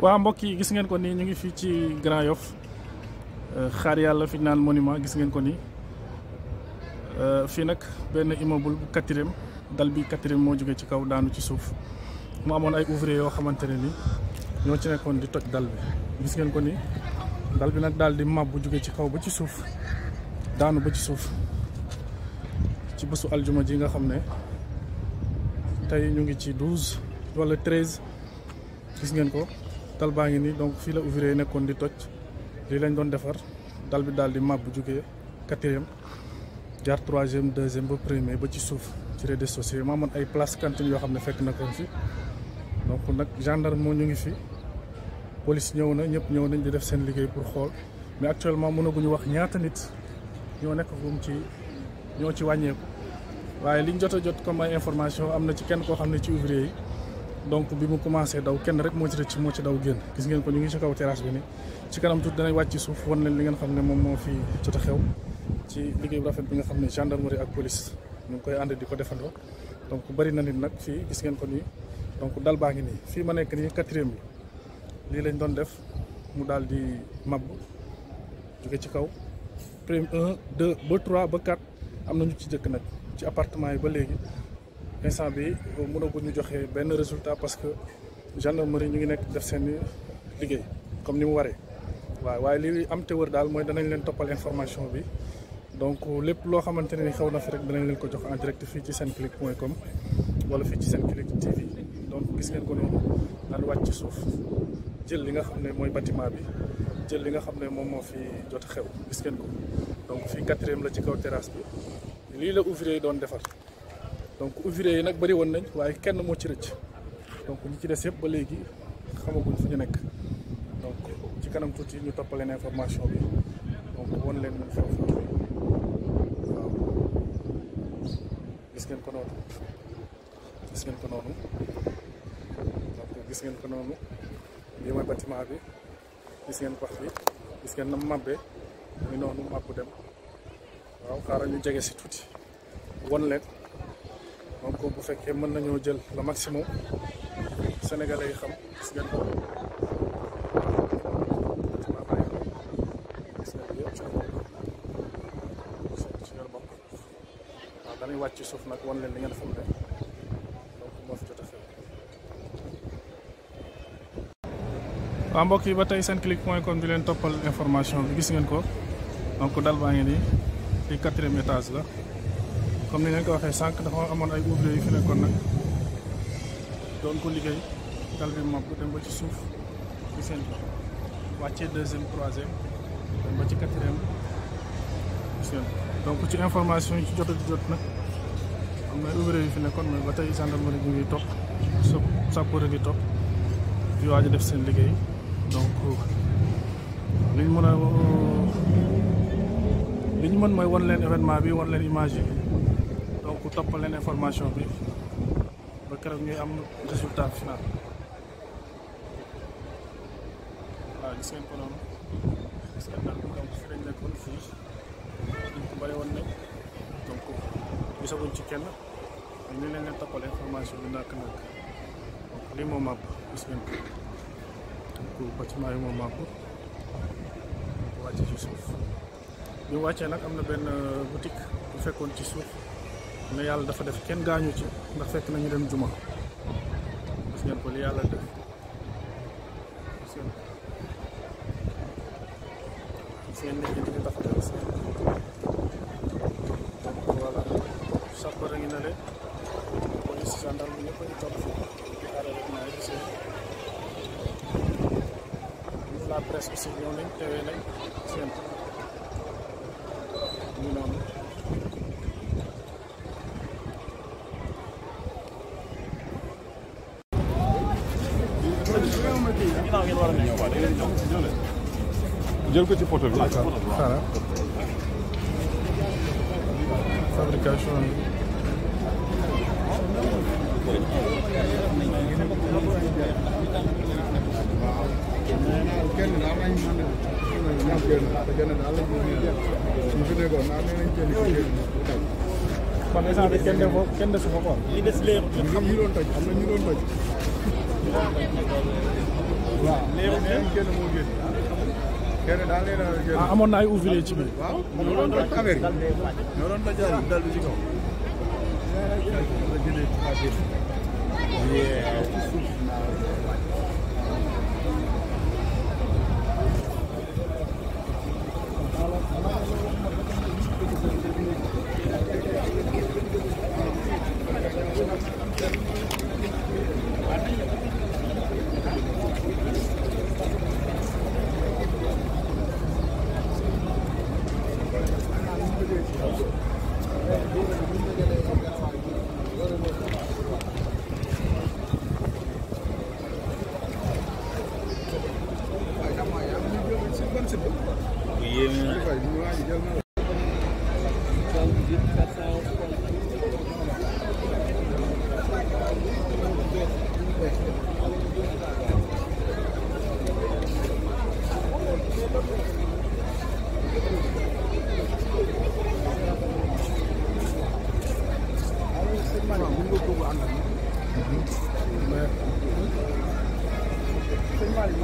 waa mbokk yi gis ngeen ko nii ñu ngi fii ci Grand Yoff euh, xaar yàlla fi naan monument gis ngeen ko ni euh, fii nag benn immeuble bu quatrième dal bi quatrième moo jóge ci kaw daanu ci suuf mu amoon ay ouvrier yoo xamante ne nii ñoo ci nekkoon di toj dal bi gis ngeen ko ni dal bi nag daal di mab bu jógee ci kaw ba ci suuf daanu ba ci suuf ci bësu aljuma ji nga xam ne tey ñu ngi ci douze wala treize gis ngeen ko dal baa ngi nii donc fii la ouvrier yi nekkoon di toj lii lañu doon defar dal bi daal di màbb bu jugee quatrième jaar troisième deuxième ba premier ba ci suuf ci rez-de-chaussée ma amoon ay place cantine yoo xam ne fekk na ko fi donc nag gendarme moo ñu ngi fi police ñëw na ñëpp ñëw nañ di def seen liggéey pour xool mais actuellement mënaguñu wax ñaata nit ñoo nekk gum ci ñoo ci wàññeeku waaye liñ jot a jot comme ay information am na ci kenn koo xam ne ci ouvrier yi donc bi mu commencé daw kenn rek moo ci rëcc moo ci daw génn gis ngeen ko ñu ngi ci kaw terrasse bi ni ci kanam tuuti danañ wàcc suuf wan leen li ngeen xam ne moom moo fi jot a xew ci liggéey bu rafet bi nga xam ne gendarmerie ak police ñu ngi koy ànd di ko defandoo donc bëri na nit nag fii gis ngeen ko nii donc dal baa ngi nii fii ma nekk nii quatrième bi lii lañ doon def mu daal di màbb jóge ci kaw premier un deux ba trois ba quatre am na ñu ci jëkk nag ci appartement yi ba léegi instant bi euh, mënagul ñu joxe benn résultat parce que gendarmerie ñu ngi nekk def seen liggéey comme ni mu waree waaw waaye li am te daal mooy danañ leen toppal information bi donc euh, lépp loo xamante ne ni xew na fi rek danañ leen ko jox en direct fii ci senclic point comme wala fii ci senclic TV donc gis ngeen ko noonu daan wàcc ci suuf jël li nga xam ne mooy bâtiment bi jël li nga xam ne moom moo fi jot xew gis ngeen ko donc fii quatrième la ci kaw terrasse lii la ouvrier doon defar. donc ouvrier yi nag bari woon nañ waaye kenn moo ci rëcc donc ñi ci des yëpp ba léegi xamaguñ fu ñu nekk donc ci kanam tuuti ñu toppaleen information bi donc leen gis ngeen ko noonu gis ngeen ko noonu lii mooy bâtiment bi gis ngeen pax bi gis ngeen na màbbe muy noonu màbb dem waaw xaaral ñu jege si tuuti won leen ko bu fekkee mën nañoo jël le maximum xam gis ngeen ko waaw dañuy wàcc suuf nag wan leen li ngeen xam ne donc moo fi yi ba tey senclic point com di leen toppal information bi gis ngeen ko donc dal baa ngi nii di quatrième étage la comme ni leen ko waxee sànq dafa amoon ay ouvrier yu fi nekkoon nag doon ko liggéey dal bi moom dem ba ci suuf ci seen wàccee deuxième troisième dem ba ci quatrième seen donc ci information yi ci jot a jot nag am na ouvrier fi nekkoon mais ba tey gendarmerie ñu ngi topp sapeur ngi topp di waaj def seen liggéey donc liñ mën a li ñu mën mooy wan leen événement bi wan leen image yi ku toppaleen information bi ba keroog ñuy am résultat final waaw gis ngeen ko noonu gis donc fi woon nag donc gisaguñ ci kenn dañ ñu leen leen toppal information bi ndàkk ndàkk lii moo màpp gis ngeen ko moo màpp wàcce ci suuf ñu wàccee nag am na benn euh, boutique bu fekkoon ci suuf mais yàlla dafa def kenn gaañu ci ndax fekk nañu dem juma gis ngeen ko li yàlla def gis ngeen gis ngeen nekk di dafa def gis a ngi nale police di aare rek naa gis ngeen la presse aussi ñëw nañ teewee nañ seen jël ko ci poto bi. xaaral fabrication kon échange bi kenn de foofu kenn de su ko xool. li des léegi xam ñu doon toj am na ñu doon toj. ah amoon na ay ouvrier ci biir. waaw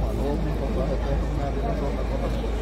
Marlon, mi papá, está en una de las zonas